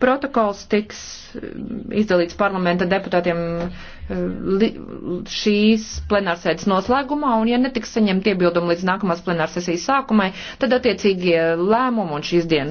Protokols tiks mm, izdalīts parlamenta deputātiem eh, šīs plenārsēdes noslēgumā, un ja netiks saņemt iebildumi līdz nākamās plenārsesijas sākumai, tad attiecīgie lēmumi un šīs dienas